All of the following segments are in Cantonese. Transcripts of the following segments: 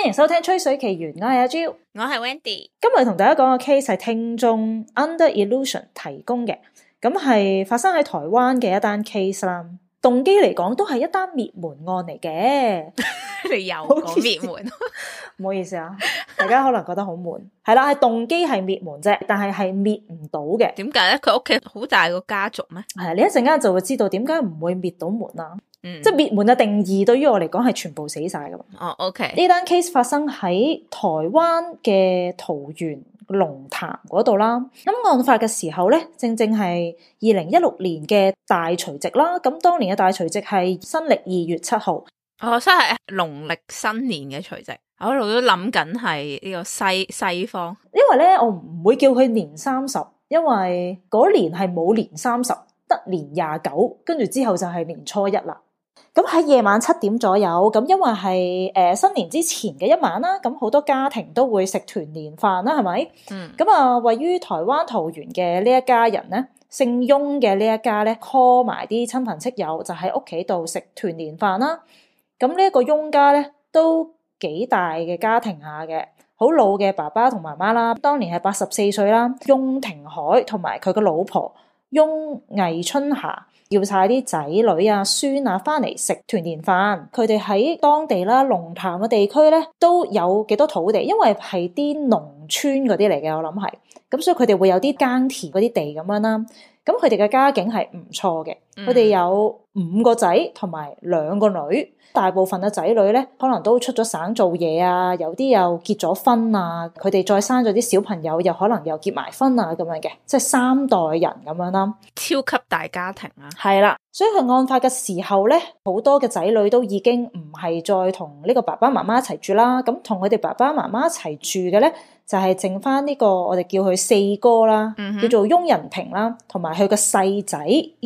歡迎收聽《吹水奇緣》，我係阿 Jo，我係 Wendy。今日同大家講嘅 case 係聽眾 Under Illusion 提供嘅，咁係發生喺台灣嘅一單 case 啦。動機嚟講都係一單滅門案嚟嘅。 你又講滅門？唔好意思啊，大家可能覺得好悶。係啦，係動機係滅門啫，但係係滅唔到嘅。點解咧？佢屋企好大個家族咩？係。你一陣間就會知道點解唔會滅到門啦。嗯、即係滅門嘅定義，對於我嚟講係全部死晒噶。哦、oh，OK。呢單 case 發生喺台灣嘅桃園龍潭嗰度啦。咁案發嘅時候咧，正正係二零一六年嘅大除夕啦。咁當年嘅大除夕係新曆二月七號，哦，即係農曆新年嘅除夕。我一路都諗緊係呢個西西方，因為咧，我唔會叫佢年三十，因為嗰年係冇年三十，得年廿九，跟住之後就係年初一啦。咁喺夜晚七點左右，咁因為係誒、呃、新年之前嘅一晚啦，咁好多家庭都會食團年飯啦，係咪？嗯，咁啊、呃，位於台灣桃園嘅呢一家人咧，姓翁嘅呢一家咧 call 埋啲親朋戚友，就喺屋企度食團年飯啦。咁呢一個翁家咧都幾大嘅家庭下嘅，好老嘅爸爸同媽媽啦，當年係八十四歲啦，翁庭海同埋佢嘅老婆翁魏春霞。叫晒啲仔女啊、孫啊翻嚟食團年飯，佢哋喺當地啦、龍潭嘅地區咧都有幾多土地，因為係啲農村嗰啲嚟嘅，我諗係，咁所以佢哋會有啲耕田嗰啲地咁樣啦、啊，咁佢哋嘅家境係唔錯嘅，佢哋、嗯、有，五個仔同埋兩個女，大部分嘅仔女咧，可能都出咗省做嘢啊，有啲又結咗婚啊，佢哋再生咗啲小朋友，又可能又結埋婚啊咁樣嘅，即係三代人咁樣啦，超級大家庭啊，係啦了，所以佢案發嘅時候咧，好多嘅仔女都已經唔係再同呢個爸爸媽媽一齊住啦，咁同佢哋爸爸媽媽一齊住嘅咧，就係、是、剩翻，呢、這個我哋叫佢四哥啦，嗯、哼叫做翁仁平啦，同埋佢個細仔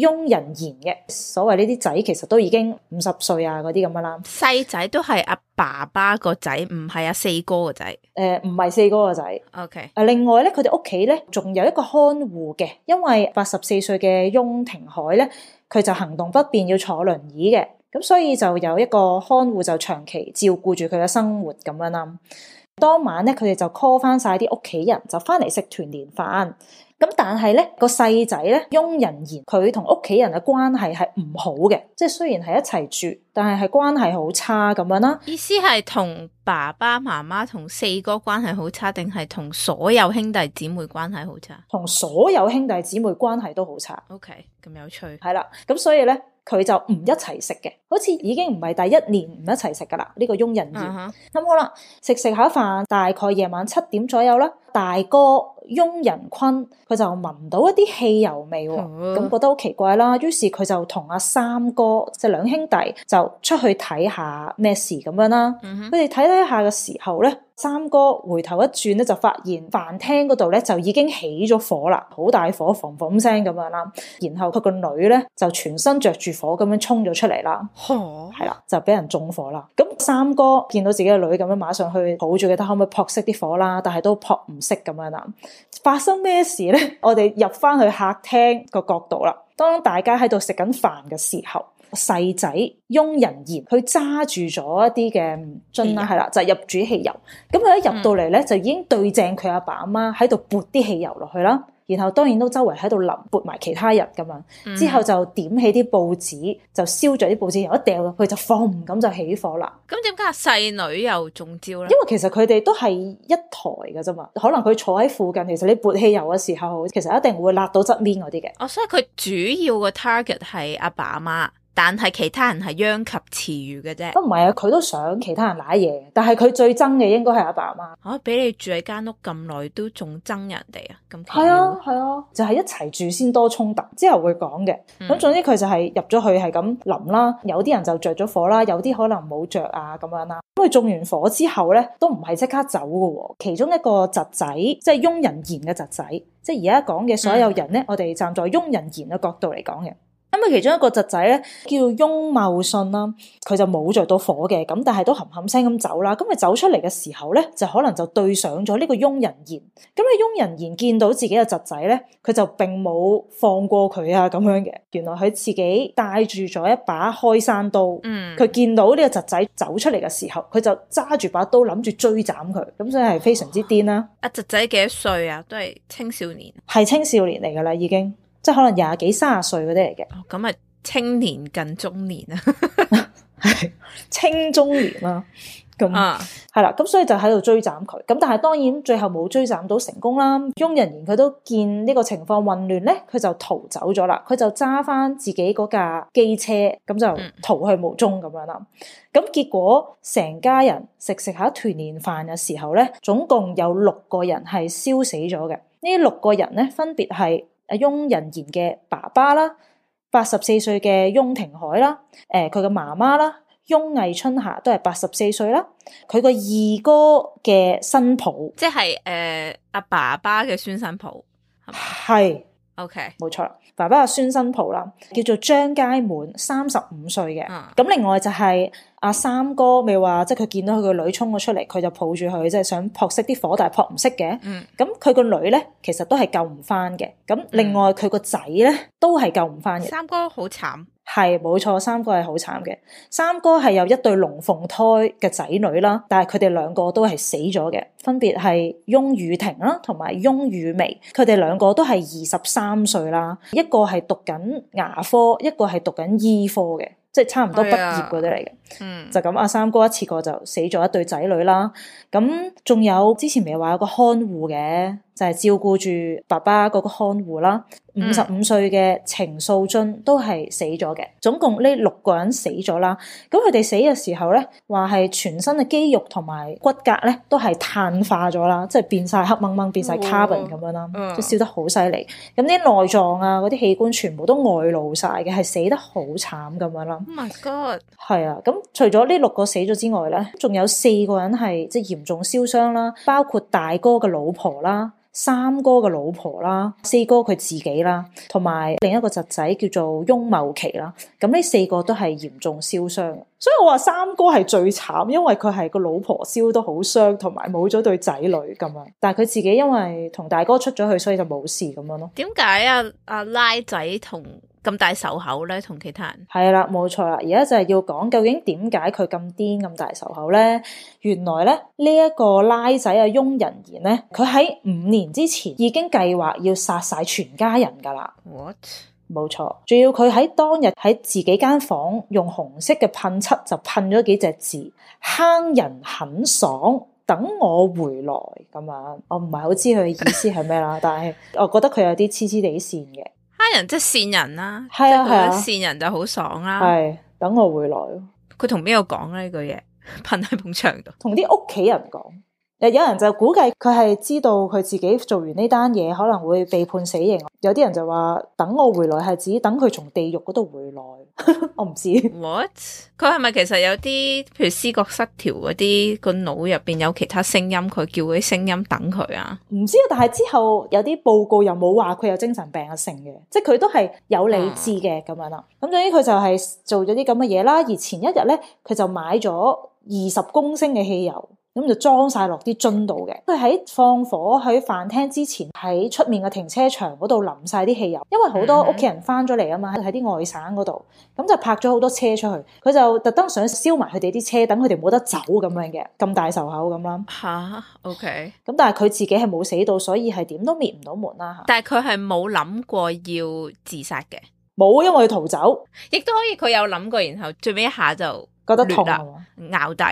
翁仁賢嘅，所謂。呢啲仔其實都已經五十歲啊，嗰啲咁樣啦。細仔都係阿爸爸個仔，唔係阿四哥個仔。誒、呃，唔係四哥個仔。OK。誒，另外咧，佢哋屋企咧仲有一個看護嘅，因為八十四歲嘅翁庭海咧，佢就行動不便，要坐輪椅嘅，咁所以就有一個看護就長期照顧住佢嘅生活咁樣啦。當晚咧，佢哋就 call 翻曬啲屋企人，就翻嚟食團年飯。咁但係咧個細仔咧翁仁賢佢同屋企人嘅關係係唔好嘅，即係雖然係一齊住，但係係關係好差咁樣啦。意思係同爸爸媽媽同四哥關係好差，定係同所有兄弟姊妹關係好差？同所有兄弟姊妹關係都好差。OK，咁有趣係啦。咁所以咧佢就唔一齊食嘅，好似已經唔係第一年唔一齊食噶啦。呢、這個翁仁賢咁、uh huh. 嗯、好啦，食食下飯，大概夜晚七點左右啦。大哥翁仁坤，佢就聞到一啲汽油味喎，咁、嗯、覺得好奇怪啦。於是佢就同阿三哥即係、就是、兩兄弟就出去睇下咩事咁樣啦。佢哋睇睇下嘅時候咧，三哥回頭一轉咧，就發現飯廳嗰度咧就已經起咗火啦，好大火，彷彿咁聲咁樣啦。然後佢個女咧就全身着住火咁樣衝咗出嚟啦，係啦、嗯，就俾人縱火啦。咁三哥見到自己嘅女咁樣，馬上去抱住佢，睇可唔可以撲熄啲火啦，但係都撲唔。識咁樣諗，發生咩事咧？我哋入翻去客廳個角度啦，當大家喺度食緊飯嘅時候，細仔翁仁賢去揸住咗一啲嘅樽啦，係啦，就係入煮汽油。咁佢、就是、一入到嚟咧，嗯、就已經對正佢阿爸阿媽喺度撥啲汽油落去啦。然後當然都周圍喺度淋潑埋其他人咁樣，嗯、之後就點起啲報紙，就燒咗啲報紙，如果掉落去就放，咁就起火啦。咁點解細女又中招咧？因為其實佢哋都係一台嘅啫嘛，可能佢坐喺附近，其實你潑汽油嘅時候，其實一定會辣到側面嗰啲嘅。哦，所以佢主要嘅 target 係阿爸阿媽。但係其他人係殃及池魚嘅啫，都唔係啊！佢、啊、都想其他人瀨嘢，但係佢最憎嘅應該係阿爸阿媽。啊，俾你住喺間屋咁耐都仲憎人哋啊！咁係啊，係啊，就係、是、一齊住先多衝突。之後會講嘅。咁、嗯、總之佢就係入咗去係咁淋啦，有啲人就着咗火啦，有啲可能冇着啊咁樣啦。咁佢種完火之後咧，都唔係即刻走嘅。其中一個侄仔，即係翁仁賢嘅侄仔，即係而家講嘅所有人咧，嗯、我哋站在翁仁賢嘅角度嚟講嘅。咁啊、嗯，其中一個侄仔咧，叫翁茂信啦、啊，佢就冇着到火嘅，咁但係都冚冚聲咁走啦。咁佢走出嚟嘅時候咧，就可能就對上咗呢個翁仁賢。咁啊，翁仁賢見到自己嘅侄仔咧，佢就並冇放過佢啊，咁樣嘅。原來佢自己帶住咗一把開山刀，嗯，佢見到呢個侄仔走出嚟嘅時候，佢就揸住把刀諗住追斬佢，咁所以係非常之癲啦。阿侄仔幾多歲啊？都係青少年，係青少年嚟噶啦，已經。即係可能廿幾、卅歲嗰啲嚟嘅，咁啊，青年近中年啊，係青中年啦。咁係啦，咁所以就喺度追斬佢。咁但係當然最後冇追斬到成功啦。翁仁賢，佢都見呢個情況混亂咧，佢就逃走咗啦。佢就揸翻自己嗰架機車，咁就逃去無蹤咁樣啦。咁結果成家人食食下團年飯嘅時候咧，總共有六個人係燒死咗嘅。呢六個人咧，分別係。翁仁賢嘅爸爸啦，八十四歲嘅翁庭海啦，誒佢嘅媽媽啦，翁藝春霞都係八十四歲啦，佢個二哥嘅新抱，即係誒阿爸爸嘅孫新抱，係，OK，冇錯，爸爸阿孫新抱啦，叫做張佳滿，三十五歲嘅，咁、嗯、另外就係、是。阿三哥咪話，即係佢見到佢個女衝咗出嚟，佢就抱住佢，即係想撲熄啲火，但係撲唔熄嘅。嗯。咁佢個女咧，其實都係救唔翻嘅。咁另外佢個仔咧，都係救唔翻嘅。三哥好慘，係，冇錯，三哥係好慘嘅。三哥係有一對龍鳳胎嘅仔女啦，但係佢哋兩個都係死咗嘅，分別係翁雨婷啦，同埋翁雨薇。佢哋兩個都係二十三歲啦，一個係讀緊牙科，一個係讀緊醫科嘅。即係差唔多畢業嗰啲嚟嘅，啊嗯、就咁阿三哥一次過就死咗一對仔女啦，咁仲有之前咪話有個看護嘅。就係照顧住爸爸嗰個看護啦。五十五歲嘅程素俊都係死咗嘅。總共呢六個人死咗啦。咁佢哋死嘅時候咧，話係全身嘅肌肉同埋骨骼咧都係碳化咗啦，即係變晒黑掹掹，變晒 carbon 咁樣啦，即係燒得好犀利。咁啲 Yeah. 內臟啊，嗰啲器官全部都外露晒嘅，係死得好慘咁樣啦。Oh my God！係啊，咁除咗呢六個死咗之外咧，仲有四個人係即係嚴重燒傷啦，包括大哥嘅老婆啦。三哥嘅老婆啦，四哥佢自己啦，同埋另一個侄仔叫做翁某琪啦。咁呢四個都係嚴重燒傷，所以我話三哥係最慘，因為佢係個老婆燒得好傷，同埋冇咗對仔女咁樣。但係佢自己因為同大哥出咗去，所以就冇事咁樣咯。點解呀？阿拉仔同咁大仇口咧，同其他人係啦，冇錯啦。而家就係要講究竟點解佢咁癲咁大仇口咧？原來咧呢一、這個拉仔阿翁仁賢咧，佢喺五年之前已經計劃要殺晒全家人噶啦。What？冇錯，仲要佢喺當日喺自己間房間用紅色嘅噴漆就噴咗幾隻字，坑人很爽，等我回來咁樣、嗯。我唔係好知佢意思係咩啦， 但係我覺得佢有啲黐黐地線嘅。家人，人、啊啊、即係善人啦，即係佢得善人就好爽啦、啊。係、啊啊、等我回來，佢同邊個講咧呢句嘢？噴喺埲牆度，同啲屋企人講。有人就估計佢係知道佢自己做完呢單嘢，可能會被判死刑。有啲人就話，等我回來係指等佢從地獄嗰度回來。 我唔知 what 佢係咪其實有啲譬如思覺失調嗰啲，個腦入邊有其他聲音，佢叫嗰啲聲音等佢啊？唔知啊。但係之後有啲報告又冇話佢有精神病嘅性嘅，即係佢都係有理智嘅咁、啊、樣啦。咁總之佢就係做咗啲咁嘅嘢啦。而前一日咧，佢就買咗二十公升嘅汽油。咁就裝晒落啲樽度嘅。佢喺放，放火喺飯廳之前，喺出面嘅停車場嗰度淋晒啲汽油，因為好多屋企人翻咗嚟啊嘛，喺啲外省嗰度，咁就拍咗好多車出去。佢就特登想燒埋佢哋啲車，等佢哋冇得走咁樣嘅，咁大仇口咁啦。吓、啊、OK。咁但係佢自己係冇死到，所以係點都滅唔到門啦、啊、但係佢係冇諗過要自殺嘅。冇，因為佢逃走，亦都可以佢有諗過，然後最尾一下就。覺得痛了，咬底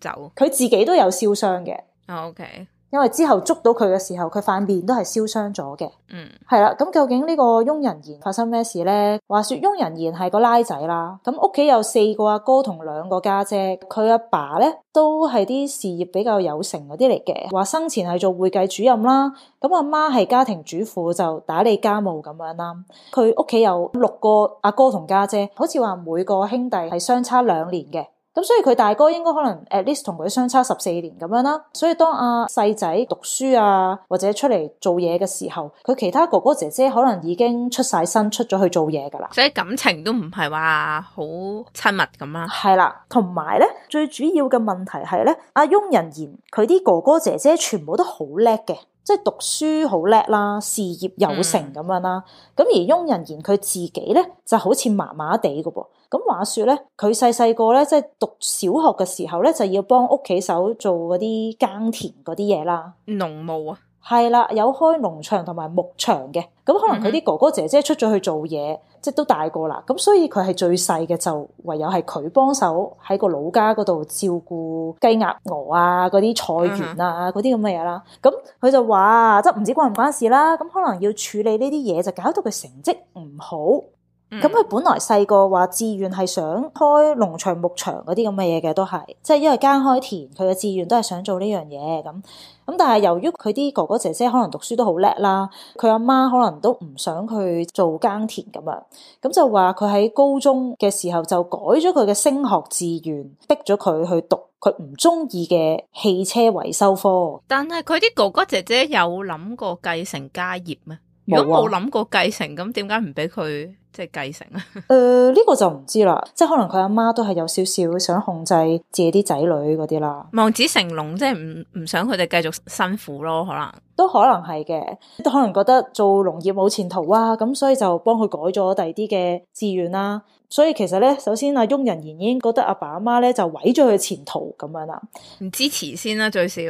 就佢自己都有燒傷嘅。OK。因為之後捉到佢嘅時候，佢塊面都係燒傷咗嘅。嗯，係啦。咁究竟呢個翁仁賢發生咩事咧？話說翁仁賢係個拉仔啦。咁屋企有四個阿哥同兩個家姐。佢阿爸咧都係啲事業比較有成嗰啲嚟嘅。話生前係做會計主任啦。咁阿媽係家庭主婦，就打理家務咁樣啦。佢屋企有六個阿哥同家姐，好似話每個兄弟係相差兩年嘅。咁所以佢大哥應該可能 at least 同佢相差十四年咁樣啦，所以當阿細仔讀書啊或者出嚟做嘢嘅時候，佢其他哥哥姐姐可能已經出晒身，出咗去做嘢噶啦，所以感情都唔係話好親密咁樣。係啦，同埋咧最主要嘅問題係咧，阿翁仁賢佢啲哥哥姐姐全部都好叻嘅，即係讀書好叻啦，事業有成咁樣啦，咁、嗯、而翁仁賢佢自己咧就好似麻麻地噶噃。咁話說咧，佢細細個咧，即係讀小學嘅時候咧，就要幫屋企手做嗰啲耕田嗰啲嘢啦，農務啊，係啦，有開農場同埋牧場嘅，咁可能佢啲哥哥姐姐出咗去做嘢，嗯、哼即係都大個啦，咁所以佢係最細嘅，就唯有係佢幫手喺個老家嗰度照顧雞鴨鵝啊，嗰啲菜園啊，嗰啲咁嘅嘢啦。咁佢就話，即係唔知關唔關事啦，咁可能要處理呢啲嘢，就搞到佢成績唔好。咁佢、嗯、本來細個話志願係想開農場牧場嗰啲咁嘅嘢嘅都係，即係因為耕開田，佢嘅志願都係想做呢樣嘢咁。咁但係由於佢啲哥哥姐姐可能讀書都好叻啦，佢阿媽可能都唔想佢做耕田咁啊，咁就話佢喺高中嘅時候就改咗佢嘅升學志願，逼咗佢去讀佢唔中意嘅汽車維修科。但係佢啲哥哥姐姐有諗過繼承家業咩？如果冇諗過繼承，咁點解唔俾佢即係繼承啊？誒、呃、呢、這個就唔知啦，即係可能佢阿媽都係有少少想控制自己啲仔女嗰啲啦。望子成龍，即係唔唔想佢哋繼續辛苦咯，可能都可能係嘅，都可能覺得做農業冇前途啊，咁所以就幫佢改咗第二啲嘅志願啦、啊。所以其實咧，首先阿、啊、翁仁賢已經覺得阿爸阿媽咧就毀咗佢前途咁樣啦，唔支持先啦，最少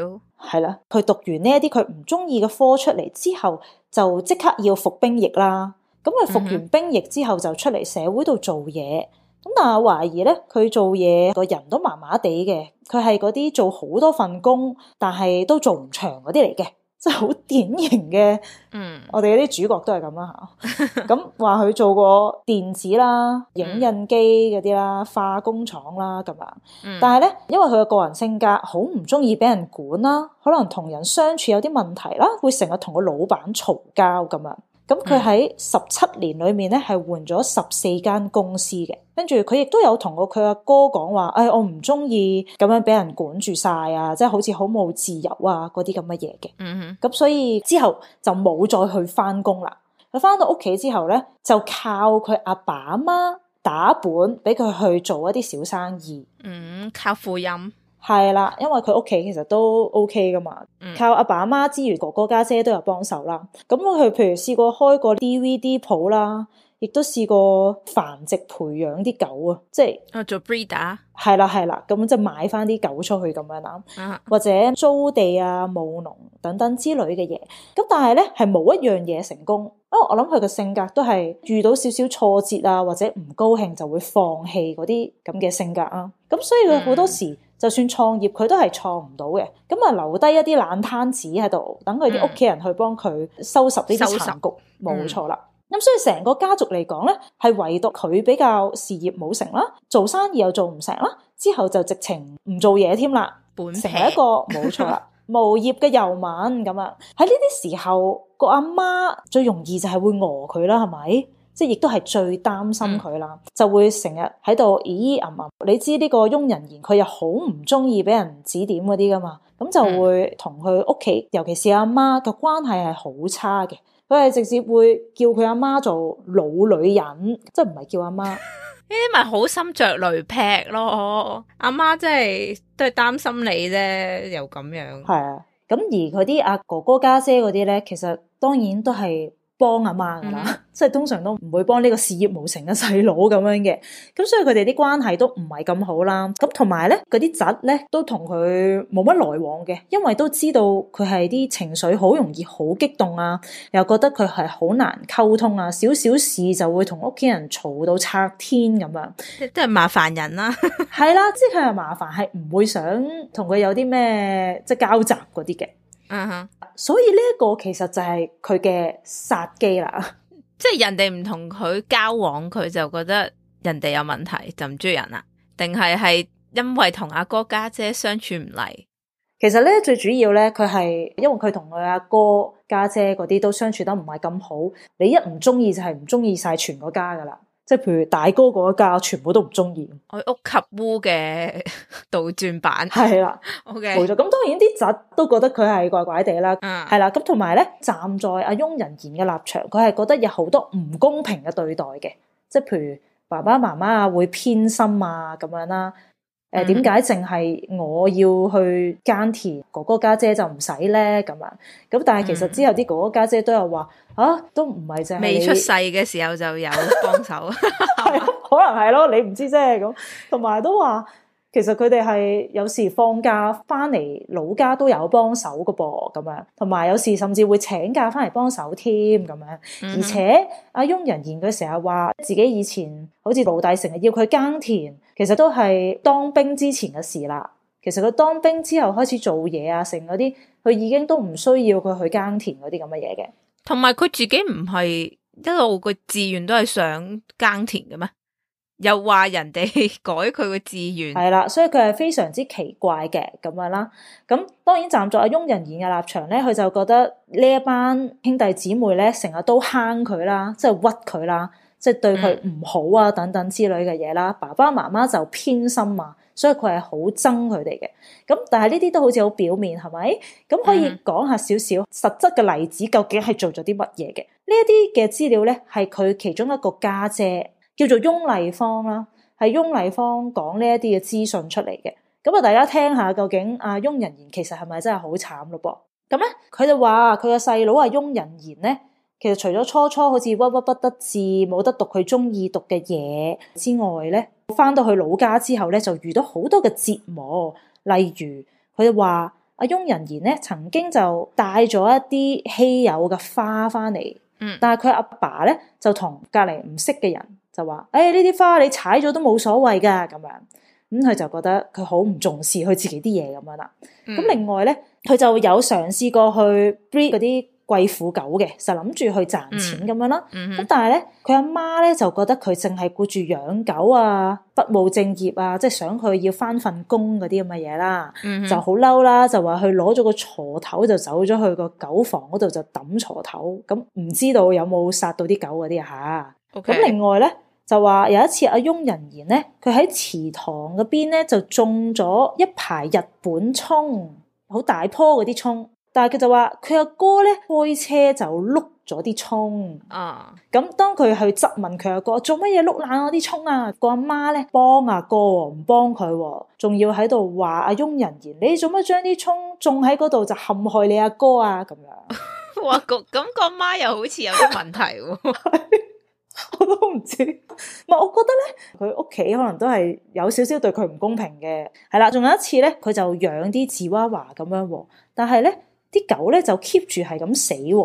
係啦。佢讀完呢一啲佢唔中意嘅科出嚟之後，就即刻要服兵役啦。咁佢服完兵役之後就出嚟社會度做嘢。咁但係我懷疑咧，佢做嘢個人都麻麻地嘅。佢係嗰啲做好多份工，但係都做唔長嗰啲嚟嘅。好典型嘅，嗯，我哋嗰啲主角都係咁啦嚇。咁話佢做過電子啦、影印機嗰啲啦、化工廠啦咁樣。嗯，但係咧，因為佢嘅個人性格好唔中意俾人管啦，可能同人相處有啲問題啦，會成日同個老闆嘈交咁啊。咁佢喺十七年裏面咧，係換咗十四間公司嘅。跟住佢亦都有同過佢阿哥講話：誒、哎，我唔中意咁樣俾人管住晒啊，即係好似好冇自由啊，嗰啲咁嘅嘢嘅。咁、嗯、哼所以之後就冇再去翻工啦。佢翻到屋企之後咧，就靠佢阿爸阿媽打本，俾佢去做一啲小生意。嗯，靠父蔭。係啦，因為佢屋企其實都 O K 噶嘛，嗯、靠阿爸阿媽之餘，哥哥家姐，姐都有幫手啦。咁佢譬如試過開個 D V D 鋪啦，亦都試過繁殖培養啲狗啊，即係、啊、做 breeder。係啦係啦，咁就買翻啲狗出去咁樣啦、啊，啊、哈或者租地啊務農等等之類嘅嘢。咁但係咧係冇一樣嘢成功，因為我諗佢嘅性格都係遇到少少挫折啊或者唔高興就會放棄嗰啲咁嘅性格啊。咁所以佢好多時，嗯就算創業佢都係創唔到嘅，咁啊留低一啲爛攤子喺度，等佢啲屋企人去幫佢收拾呢啲殘局，冇錯啦。咁、嗯、所以成個家族嚟講咧，係唯獨佢比較事業冇成啦，做生意又做唔成啦，之後就直情唔做嘢添啦，本家成係一個冇錯啦，錯 無業嘅遊民咁啊。喺呢啲時候，個阿媽最容易就係會餓佢啦，係咪？即係亦都係最擔心佢啦，嗯、就會成日喺度咿咿噏噏，你知呢個翁仁賢，佢又好唔中意俾人指點嗰啲噶嘛，咁就會同佢屋企，嗯、尤其是阿媽嘅關係係好差嘅。佢係直接會叫佢阿媽做老女人，即係唔係叫阿媽？呢啲咪好心着雷劈咯！阿媽真係都係擔心你啫，又咁樣。係啊，咁而佢啲阿哥哥家姐嗰啲咧，其實當然都係。幫阿媽噶啦，即係、mm hmm. 通常都唔會幫呢個事業無成嘅細佬咁樣嘅，咁所以佢哋啲關係都唔係咁好啦。咁同埋咧，嗰啲侄咧都同佢冇乜來往嘅，因為都知道佢係啲情緒好容易好激動啊，又覺得佢係好難溝通啊，少少事就會同屋企人嘈到拆天咁樣，即係麻煩人啦。係 啦，即係佢係麻煩，係唔會想同佢有啲咩即係交集嗰啲嘅。嗯哼，uh huh. 所以呢一個其實就係佢嘅殺機啦，即係人哋唔同佢交往，佢就覺得人哋有問題就唔中意人啦，定係係因為同阿哥家姐,姐相處唔嚟？其實咧最主要咧，佢係因為佢同佢阿哥家姐嗰啲都相處得唔係咁好，你一唔中意就係唔中意晒全個家噶啦。即係譬如大哥嗰一家，全部都唔中意，愛屋及烏嘅倒轉版係啦。O K 冇錯。咁 Okay. 當然啲侄都覺得佢係怪怪地啦。係啦、嗯。咁同埋咧，站在阿翁仁賢嘅立場，佢係覺得有好多唔公平嘅對待嘅。即係譬如爸爸媽媽啊，會偏心啊，咁樣啦。誒，點解淨係我要去耕田？哥哥家姐，姐就唔使咧咁樣。咁但係其實之後啲哥哥家姐，姐都有話啊，都唔係淨係未出世嘅時候就有幫手，係 可能係咯，你唔知啫，係咁。同埋都話其實佢哋係有時放假翻嚟老家都有幫手噶噃咁樣。同埋有，有時甚至會請假翻嚟幫手添咁樣。而且阿翁仁賢佢成日話自己以前好似老大成日要佢耕田。其實都係當兵之前嘅事啦。其實佢當兵之後開始做嘢啊，成嗰啲佢已經都唔需要佢去耕田嗰啲咁嘅嘢嘅。同埋佢自己唔係一路個志願都係想耕田嘅咩？又話人哋改佢個志願係啦，所以佢係非常之奇怪嘅咁樣啦。咁當然站喺阿翁仁賢嘅立場咧，佢就覺得呢一班兄弟姊妹咧，成日都坑佢啦，即係屈佢啦。即係對佢唔好啊，等等之類嘅嘢啦。爸爸媽媽就偏心嘛，所以佢係好憎佢哋嘅。咁但係呢啲都好似好表面，係咪？咁可以講下少少實質嘅例子，究竟係做咗啲乜嘢嘅？呢一啲嘅資料咧，係佢其中一個家姐，姐叫做翁麗芳啦，係翁麗芳講呢一啲嘅資訊出嚟嘅。咁啊，大家聽下究竟阿翁仁賢其實係咪真係好慘咯？噃咁咧，佢就話佢個細佬啊，翁仁賢咧。其實除咗初初好似屈屈不得志，冇得讀佢中意讀嘅嘢之外咧，翻到去老家之後咧，就遇到好多嘅折磨。例如佢就話阿翁仁賢咧，曾經就帶咗一啲稀有嘅花翻嚟、哎，嗯，但係佢阿爸咧就同隔籬唔識嘅人就話，誒呢啲花你踩咗都冇所謂噶，咁樣，咁佢就覺得佢好唔重視佢自己啲嘢咁樣啦。咁、嗯、另外咧，佢就有嘗試過去搣嗰啲。貴婦狗嘅，就諗住去賺錢咁樣啦。咁、嗯嗯、但係咧，佢阿媽咧就覺得佢淨係顧住養狗啊，不務正業啊，即係想佢要翻份工嗰啲咁嘅嘢啦，嗯、哼就好嬲啦，就話佢攞咗個鋤頭就走咗去個狗房嗰度就抌鋤頭，咁、嗯、唔知道有冇殺到啲狗嗰啲啊吓。咁 Okay. 另外咧，就話有一次阿翁仁賢咧，佢喺祠堂嗰邊咧就種咗一排日本葱，好大棵嗰啲葱。但係佢就話佢阿哥咧開車就碌咗啲葱啊！咁、uh. 當佢去質問佢阿哥做乜嘢碌爛我啲葱啊？個阿媽咧幫阿哥唔、哦、幫佢、哦，仲要喺度話阿翁仁賢，你做乜將啲葱種喺嗰度就陷害你阿哥啊？咁樣哇，個咁、那個阿媽又好似有啲問題、哦， 我都唔不知。唔 我覺得咧，佢屋企可能都係有少少對佢唔公平嘅。係啦，仲有一次咧，佢就養啲芝娃娃咁樣、哦，但係咧。啲狗咧就 keep 住係咁死，啊，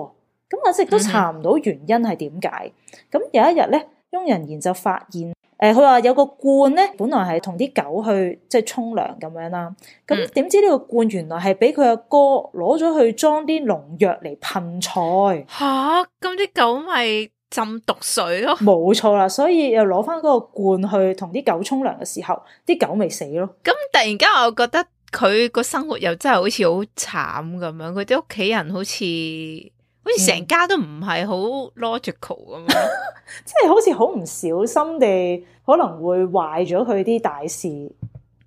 咁我亦都查唔到原因係點解。咁有一日咧，翁仁賢就發現，誒、呃，佢話有個罐咧，本來係同啲狗去即係沖涼咁樣啦，啊。咁點知呢個罐原來係俾佢阿哥攞咗去裝啲農藥嚟噴菜。吓，啊，咁啲狗咪浸毒水咯，啊。冇錯啦，所以又攞翻嗰個罐去同啲狗沖涼嘅時候，啲狗咪死咯。咁突然間，我覺得。佢個生活又真係好似好慘咁樣，佢啲屋企人好似、嗯、好似成家都唔係 log、嗯、 好 logical 咁，即係好似好唔小心地可能會壞咗佢啲大事，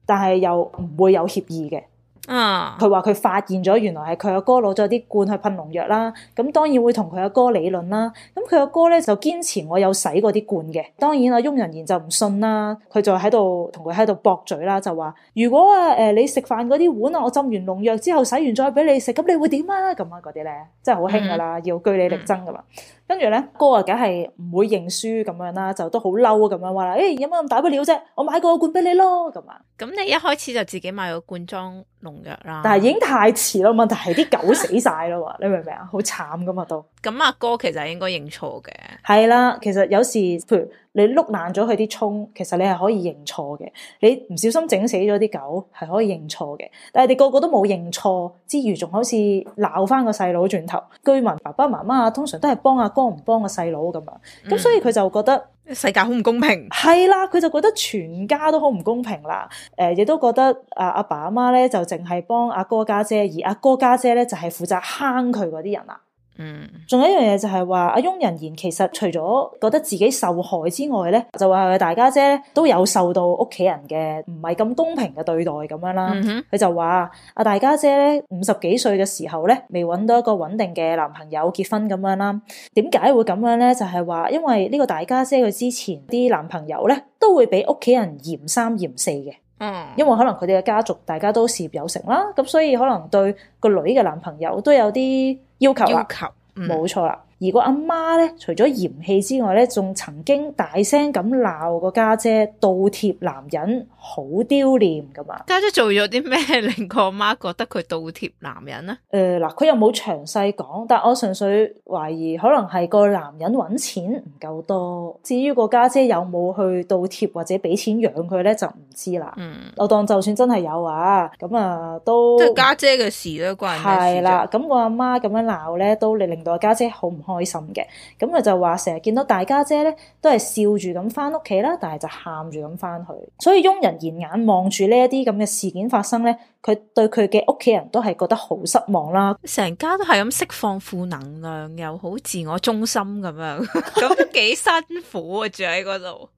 但係又唔會有協議嘅。啊！佢話佢發現咗，原來係佢阿哥攞咗啲罐去噴農藥啦。咁當然會同佢阿哥理論啦。咁佢阿哥咧就堅持我有洗過啲罐嘅。當然阿翁仁賢就唔信啦。佢就喺度同佢喺度駁嘴啦，就話如果啊誒、呃、你食飯嗰啲碗啊，我浸完農藥之後洗完再俾你食，咁你會點啊？咁啊嗰啲咧，真係好興噶啦，嗯、要據理力爭噶啦。跟住咧，哥啊，梗係唔會認輸咁樣啦，就都好嬲咁樣話啦，誒、欸，有乜咁大不了啫？我買個罐俾你咯，咁啊，咁你一開始就自己買個罐裝農藥啦，但係已經太遲啦，問題係啲狗死晒啦， 你明唔明啊？好慘噶嘛都，咁阿哥其實應該認錯嘅，係啦，其實有時，譬如。你碌爛咗佢啲蔥，其實你係可以認錯嘅。你唔小心整死咗啲狗，係可以認錯嘅。但係你個個都冇認錯之餘，仲好似鬧翻個細佬轉頭。居民爸爸媽媽啊，通常都係幫阿哥唔幫個細佬咁樣。咁所以佢就覺得世界好唔公平。係啦，佢就覺得全家都好唔公平啦。誒，亦都覺得阿阿爸阿媽咧就淨係幫阿哥家姐，而阿哥家姐咧就係負責坑佢嗰啲人啦。嗯，仲有一樣嘢就係話阿翁仁賢其實除咗覺得自己受害之外咧，就話大家姐都有受到屋企人嘅唔係咁公平嘅對待咁樣啦。佢、嗯、哼就話阿大家姐咧五十幾歲嘅時候咧，未搵到一個穩定嘅男朋友結婚咁樣啦。點解會咁樣咧？就係、是、話因為呢個大家姐佢之前啲男朋友咧都會俾屋企人嫌三嫌四嘅。因為可能佢哋嘅家族大家都事業有成啦，咁所以可能對個女嘅男朋友都有啲要求啦，要求、冇錯、嗯、啦。而個阿媽咧，除咗嫌棄之外咧，仲曾經大聲咁鬧個家姐倒貼男人，好丟臉㗎嘛？家姐做咗啲咩令個阿媽覺得佢倒貼男人咧？誒嗱、呃，佢又冇詳細講，但我純粹懷疑可能係個男人揾錢唔夠多。至於個家姐有冇去倒貼或者俾錢養佢咧，就唔知啦。嗯，我當就算真係有啊，咁啊都即係家姐嘅事咯，關係係啦。咁個阿媽咁樣鬧咧，都令令到家姐好唔開開心嘅，咁佢就話成日見到大家姐咧，都係笑住咁返屋企啦，但係就喊住咁返去，所以翁仁賢眼望住呢一啲咁嘅事件發生咧，佢對佢嘅屋企人都係覺得好失望啦，成家都係咁釋放負能量，又好自我中心咁 樣，咁幾辛苦啊 住喺嗰度，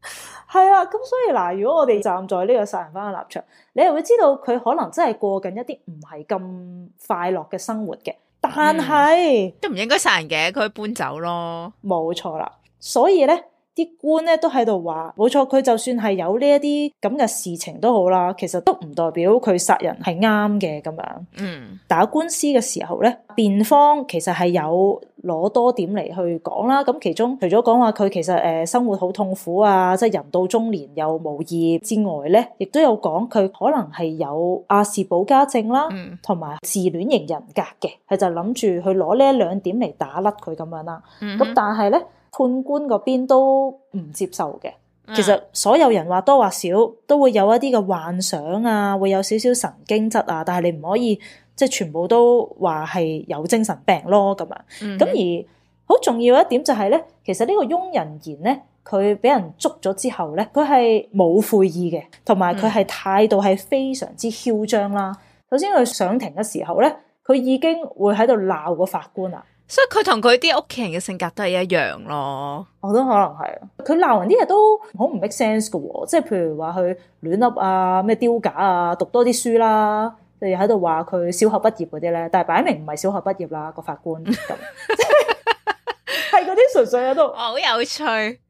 係啦、啊，咁所以嗱，如果我哋站在呢個殺人犯嘅立場，你又會知道佢可能真係過緊一啲唔係咁快樂嘅生活嘅。但係、嗯、都唔應該殺人嘅，佢搬走咯，冇錯啦。所以咧。啲官咧都喺度話，冇錯，佢就算係有呢一啲咁嘅事情都好啦，其實都唔代表佢殺人係啱嘅咁樣。嗯，打官司嘅時候咧，辯方其實係有攞多點嚟去講啦。咁其中除咗講話佢其實誒生活好痛苦啊，即係人到中年又無業之外咧，亦都有講佢可能係有亞氏保加症啦，同埋自戀型人格嘅，佢就諗住去攞呢一兩點嚟打甩佢咁樣啦。咁但係咧。判官嗰邊都唔接受嘅。其實所有人或多或少都會有一啲嘅幻想啊，會有少少神經質啊，但係你唔可以即係全部都話係有精神病咯咁樣。咁、嗯、哼而好重要一點就係咧，其實個呢個翁仁賢咧，佢俾人捉咗之後咧，佢係冇悔意嘅，同埋佢係態度係非常之囂張啦。首先佢上庭嘅時候咧，佢已經會喺度鬧個法官啦。所以佢同佢啲屋企人嘅性格都係一樣咯，我都可能係佢鬧人啲嘢都好唔 make sense 嘅喎，即係譬如話佢亂噏啊，咩丟架啊，讀多啲書啦，又喺度話佢小學畢業嗰啲咧，但係擺明唔係小學畢業啦個法官，係嗰啲純粹喺度。哦，好有趣，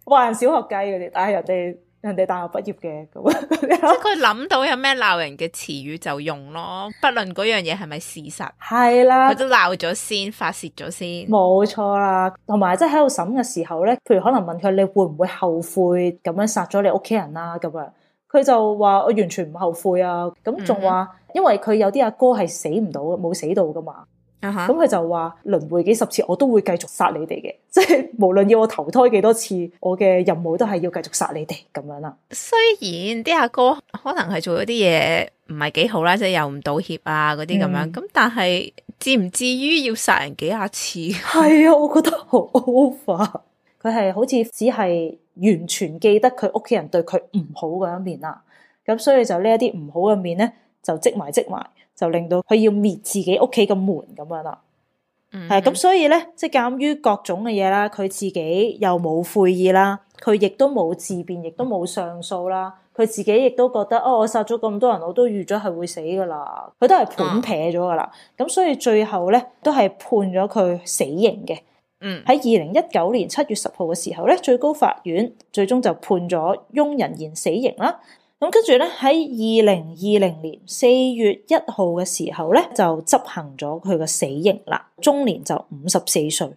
話人小學雞嗰啲，但係人哋。人哋大學畢業嘅咁， 即係佢諗到有咩鬧人嘅詞語就用咯，不論嗰樣嘢係咪事實，係啦，佢都鬧咗先，發泄咗先，冇錯啦。同埋即係喺度審嘅時候咧，譬如可能問佢你會唔會後悔咁樣殺咗你屋企人啊？咁樣佢就話我完全唔後悔啊！咁仲話因為佢有啲阿哥係死唔到，冇死到㗎嘛。咁佢、嗯、就話輪回幾十次，我都會繼續殺你哋嘅，即係無論要我投胎幾多次，我嘅任務都係要繼續殺你哋咁樣啦。雖然啲阿哥、哥可能係做咗啲嘢唔係幾好啦，即係又唔道歉啊嗰啲咁樣，咁、嗯、但係至唔至於要殺人幾下次？係啊，我覺得好 over。佢係好似只係完全記得佢屋企人對佢唔好嗰一面啦，咁所以就呢一啲唔好嘅面咧就積埋積埋，就令到佢要滅自己屋企個門咁樣、mm hmm. 就是、啦，係咁所以咧，即係鑑於各種嘅嘢啦，佢自己又冇悔意啦，佢亦都冇自辯，亦都冇上訴啦，佢自己亦都覺得哦，我殺咗咁多人，我都預咗係會死噶啦，佢都係盤撇咗噶啦，咁、oh. 所以最後咧都係判咗佢死刑嘅，嗯、mm，喺二零一九年七月十號嘅時候咧，最高法院最終就判咗翁仁賢死刑啦。咁跟住咧，喺二零二零年四月一號嘅時候咧，就執行咗佢嘅死刑啦，終年就五十四歲。咁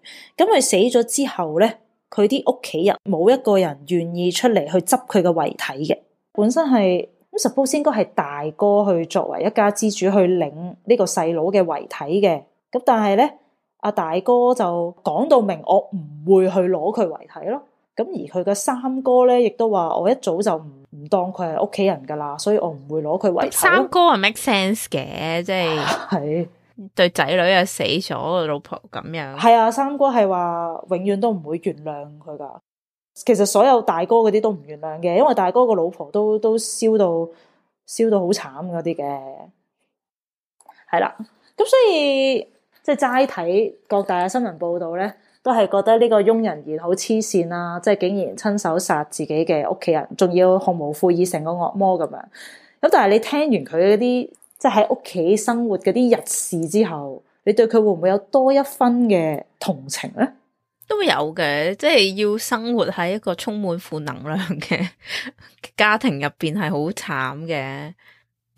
佢死咗之後咧，佢啲屋企人冇一個人願意出嚟去執佢嘅遺體嘅。本身係咁，Suppose 應該係大哥去作為一家之主去領呢個細佬嘅遺體嘅。咁但係咧，阿大哥就講到明，我唔會去攞佢遺體咯。咁而佢嘅三哥咧，亦都話我一早就唔唔當佢係屋企人噶啦，所以我唔會攞佢為。三哥係 make sense 嘅，即係對仔女又死咗個老婆咁樣。係啊，三哥係話永遠都唔會原諒佢噶。其實所有大哥嗰啲都唔原諒嘅，因為大哥個老婆都都燒到燒到好慘嗰啲嘅。係啦、啊，咁所以即係齋睇各大嘅新聞報道咧，都係覺得呢個翁仁賢好黐線啦，即係竟然親手殺自己嘅屋企人，仲要毫無悔意，成個惡魔咁樣。咁但係你聽完佢嗰啲，即係喺屋企生活嗰啲日事之後，你對佢會唔會有多一分嘅同情咧？都有嘅，即係要生活喺一個充滿負能量嘅家庭入邊，係好慘嘅。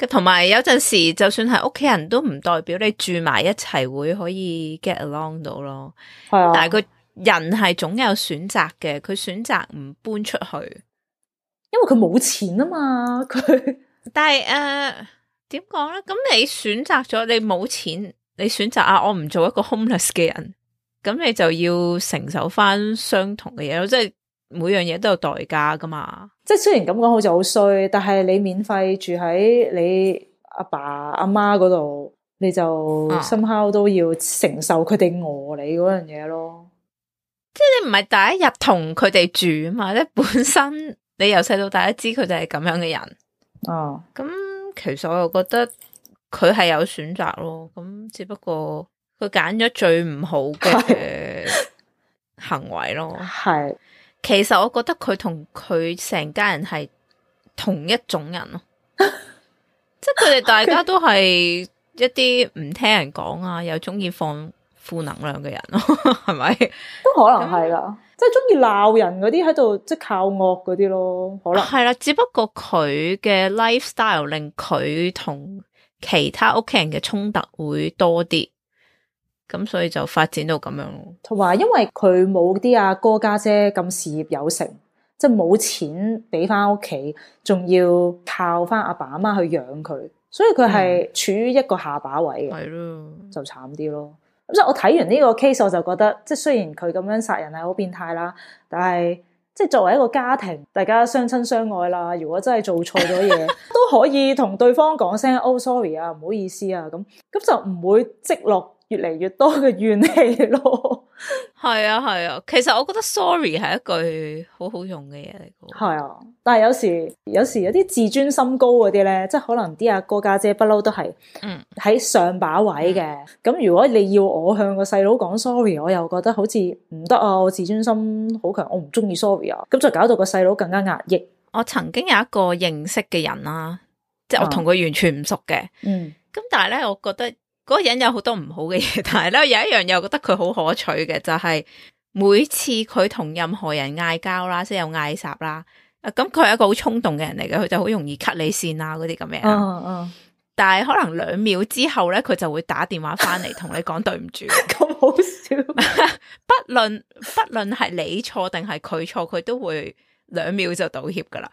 同埋有陣時，就算係屋企人都唔代表你住埋一齊會可以 get along 到咯。係啊，但係佢人係總有選擇嘅，佢選擇唔搬出去，因為佢冇錢啊嘛。佢 ，但係誒，點講咧？咁你選擇咗，你冇錢，你選擇啊，我唔做一個 homeless 嘅人，咁你就要承受翻相同嘅嘢咯，即係。每樣嘢都有代價㗎嘛，即係雖然咁講好似好衰，但係你免費住喺你阿爸阿媽嗰度，你就深刻、啊、都要承受佢哋餓你嗰樣嘢咯。即係你唔係第一日同佢哋住啊嘛，即本身你由細到大都知佢哋係咁樣嘅人。哦、啊，咁其實我又覺得佢係有選擇咯，咁只不過佢揀咗最唔好嘅是行為咯，係。其實我覺得佢同佢成家人係同一種人咯， 即係佢哋大家都係一啲唔聽人講啊， 又中意放負能量嘅人咯、啊，係 咪？都可能係啦，即係中意鬧人嗰啲喺度，即係靠惡嗰啲咯，可能係啦、啊。只不過佢嘅 lifestyle 令佢同其他屋企人嘅衝突會多啲。咁所以就發展到咁樣咯，同埋因為佢冇啲阿哥家姐咁事業有成，即係冇錢俾翻屋企，仲要靠翻阿爸阿媽去養佢，所以佢係處於一個下把位嘅，係、嗯、咯，了就慘啲咯。即係我睇完呢個 case，我就覺得，即係雖然佢咁樣殺人係好變態啦，但係即係作為一個家庭，大家相親相愛啦，如果真係做錯咗嘢， 都可以同對方講聲 oh sorry 啊，唔好意思啊，咁咁就唔會積落。越嚟越多嘅怨氣咯、 啊，係啊，係啊。其實我覺得 sorry 係一句好好用嘅嘢嚟嘅，係啊。但係有，有時有時有啲自尊心高嗰啲咧，即係可能啲阿哥家姐不嬲都係喺上把位嘅。咁、嗯、如果你要我向個細佬講 sorry，我又覺得好似唔得啊！我自尊心好強，我唔中意 sorry 啊。咁就搞到個細佬更加壓抑。我曾經有一個認識嘅人啦，即係我同佢完全唔熟嘅、嗯，嗯。咁但係咧，我覺得。嗰個人有好多唔好嘅嘢，但係咧有一樣又覺得佢好可取嘅，就係每次佢同任何人嗌交啦，即係有嗌霎啦，咁佢係一個好衝動嘅人嚟嘅，佢就好容易 cut 你線啊嗰啲咁嘅，嗯嗯、但係可能兩秒之後咧，佢就會打電話翻嚟同你講對唔住，咁 好笑， 不論不論係你錯定係佢錯，佢都會兩秒就道歉噶啦，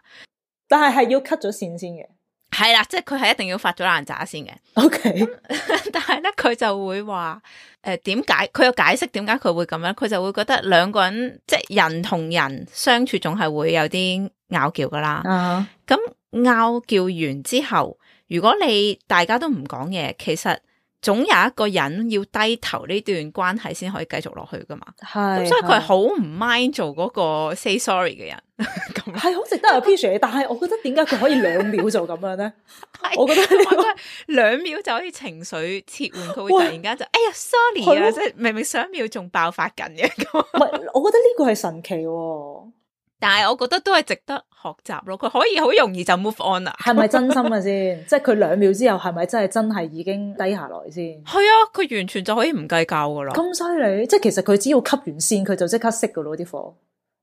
但係係要 cut 咗線先嘅。係啦，即係佢係一定要發咗爛渣先嘅。OK Okay .嗯，但係咧佢就會話，誒點解佢有解釋點解佢會咁樣。佢就會覺得兩個人即係人同人相處總係會有啲拗撬噶啦。咁，uh huh. 拗撬完之後，如果你大家都唔講嘢，其實。總有一個人要低頭，呢段關係先可以繼續落去㗎嘛？係是，所以佢係好唔 mind 做嗰個 say sorry 嘅人，係 好值得有 p i e r e 但係我覺得點解佢可以兩秒就咁樣咧？ 是我覺得兩秒就可以情緒切換，佢會突然間就喂哎呀 sorry 啊！即係、啊、明明上一秒仲爆發緊嘅， 唔係我覺得呢個係神奇、啊。但係我覺得都係值得學習咯，佢可以好容易就 move on 啦。係咪真心嘅先？ 即係佢兩秒之後，係咪真係真係已經低下來先？係啊，佢完全就可以唔計較噶啦。咁犀利！即係其實佢只要吸完線，佢就即刻熄噶咯啲火。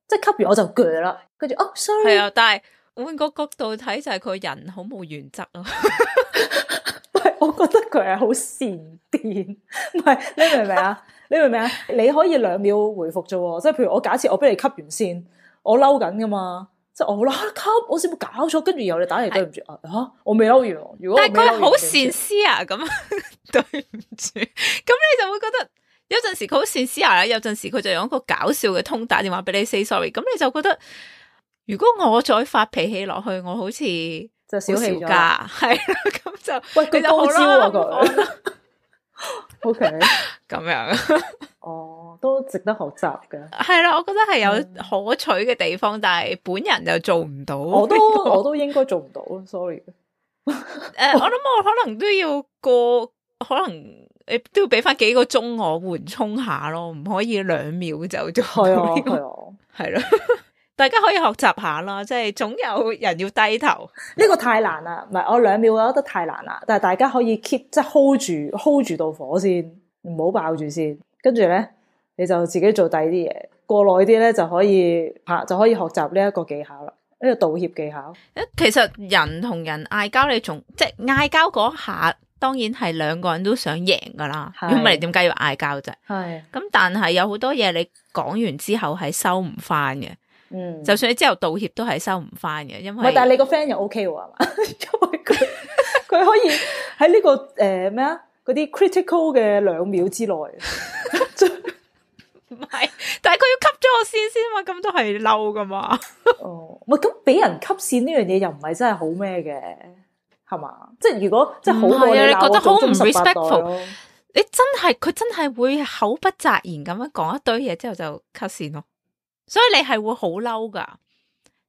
即係吸完我就攰啦，跟住哦，sorry 啊，但係換個角度睇就係、是、佢人好冇原則啊。唔係，我覺得佢係好善變。唔 係，你明唔明啊？你明唔明啊？你可以兩秒回復啫，即係譬如我假設我俾你吸完線。我嬲緊噶嘛，即係我好嬲，啊，我先冇搞錯，跟住又你打嚟對唔住是啊，我未嬲完。如果但係佢好善思啊咁，對唔住，咁 你就會覺得有陣時佢好善思啊，有陣時佢就用一個搞笑嘅通打電話俾你 say sorry，咁你就覺得如果我再發脾氣落去，我好似就小氣咗，係啦， 咁就喂佢、那個、就好、我覺得 OK 咁樣哦。 都值得學習㗎，係啦、嗯，我覺得係有可取嘅地方，但係本人又做唔到，我都、這個、我都應該做唔到，Sorry。誒 ，uh, 我諗我可能都要過，可能誒都要俾翻幾個鐘我緩衝下咯，唔可以兩秒就開哦、這個，係咯、啊，啊、 大家可以學習下啦，即係總有人要低頭。呢個太難啦，唔係我兩秒我覺得太難啦，但係大家可以 keep 即係 hold 住，hold 住到火先，唔好爆住先，跟住咧。你就自己做第啲嘢，過耐啲咧就可以吓，就可以學習呢一個技巧啦，呢、這個道歉技巧。誒，其實人同人嗌交，你仲即係嗌交嗰下，當然係兩個人都想贏噶啦，咁咪點解要嗌交啫？係是。咁但係有好多嘢你講完之後係收唔翻嘅，嗯，就算你之後道歉都係收唔翻嘅，因為，但係你個 friend 又 O K 喎，因為佢佢 可以喺呢、這個誒咩啊，嗰、呃、啲 critical 嘅兩秒之內。 唔係，但係佢要吸咗我線先嘛，咁都係嬲噶嘛。哦，唔係咁俾人吸線呢樣嘢又唔係真係好咩嘅，係嘛？即係如果即係好，是你，你覺得好唔 respectful？你真係佢真係會口不擇言咁樣講一堆嘢之後就 cut 線咯，所以你係會好嬲噶。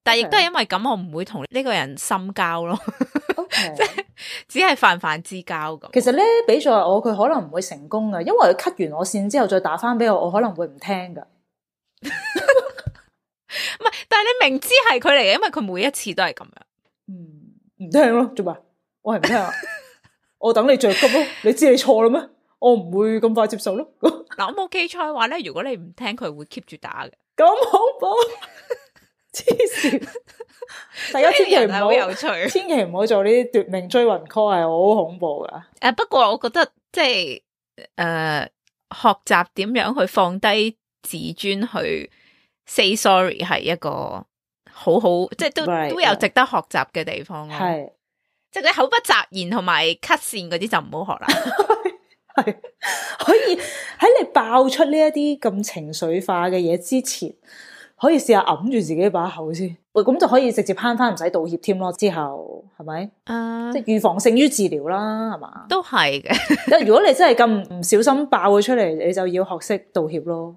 但係亦都係因為咁，我唔會同呢個人深交咯。Okay. 嗯、即係只係泛泛之交咁。其實咧，比賽我佢可能唔會成功噶，因為佢 cut 完我線之後再打翻俾我，我可能會唔聽噶。唔係，但係你明知係佢嚟嘅，因為佢每一次都係咁樣。唔唔、嗯、聽咯，做咩？我係唔聽啊！ 我等你再 cut 咯。你知你錯啦咩？我唔會咁快接受咯。嗱， 我冇比賽嘅話咧，如果你唔聽，佢會 keep 住打嘅。咁恐怖，黐線！ 大家千祈唔好，有趣，千祈唔好做呢啲奪命追魂 call，係好恐怖噶。誒，uh, 不過我覺得即係誒，uh, 學習點樣去放低自尊去 say sorry 係一個好好，即係都 right, 都有值得學習嘅地方係、啊，即係、uh, 你口不擇言同埋 cut 線嗰啲就唔好學啦。係 可以喺你爆出呢一啲咁情緒化嘅嘢之前。可以試下揞住自己把口先，咁就可以直接慳返唔使道歉添咯。之後係咪？誒，uh, 即係預防勝於治療啦，係嘛？都係是嘅。 如果你真係咁唔小心爆佢出嚟，你就要學識道歉咯。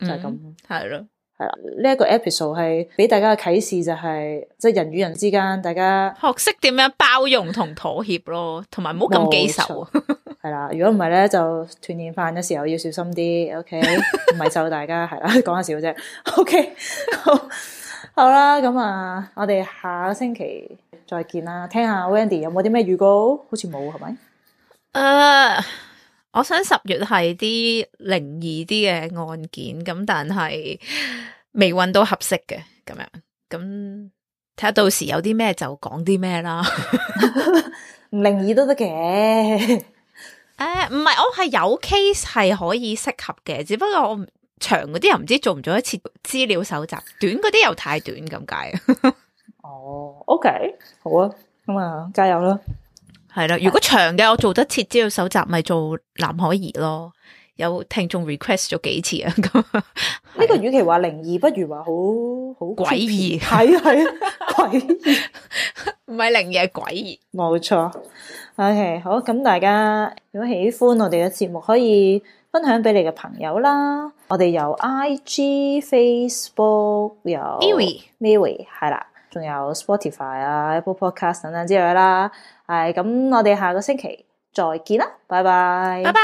就係、是、咁，係咯、嗯，係啦。呢一的、這個 episode 係俾大家嘅啟示就係、是，即係人與人之間，大家學識點樣包容同妥協咯，同埋唔好咁記仇。 係啦，如果唔係咧，就團年飯嘅時候要小心啲。OK，唔係 就大家係啦，講下笑啫。OK， 好啦，咁 啊，我哋下個星期再見啦。聽下 Wendy 有冇啲咩預告？好似冇係咪？誒，uh, 我想十月係啲靈異啲嘅案件，咁但係未揾到合適嘅咁樣，咁睇下到時有啲咩就講啲咩啦。唔靈異都得嘅。唔係、啊，我係有 case 係可以適合嘅，只不過我長嗰啲又唔知做唔做得切資料搜集，短嗰啲又太短咁解。哦 、oh,OK，好啊，咁啊，加油啦，係啦。如果長嘅我做得切資料搜集，咪做藍海怡咯。有聽眾 request 咗幾次啊？咁呢 個與其話靈異，不如話好好詭異，係啊係啊，詭異唔係靈異，係詭異。冇錯。OK，好，咁大家如果喜歡我哋嘅節目，可以分享俾你嘅朋友啦。我哋有 IG、Facebook 有 Miri，Miri 係啦，仲有 Spotify 啊，Apple Podcast 等等之類啦。係咁，我哋下個星期再見啦，拜拜，拜拜。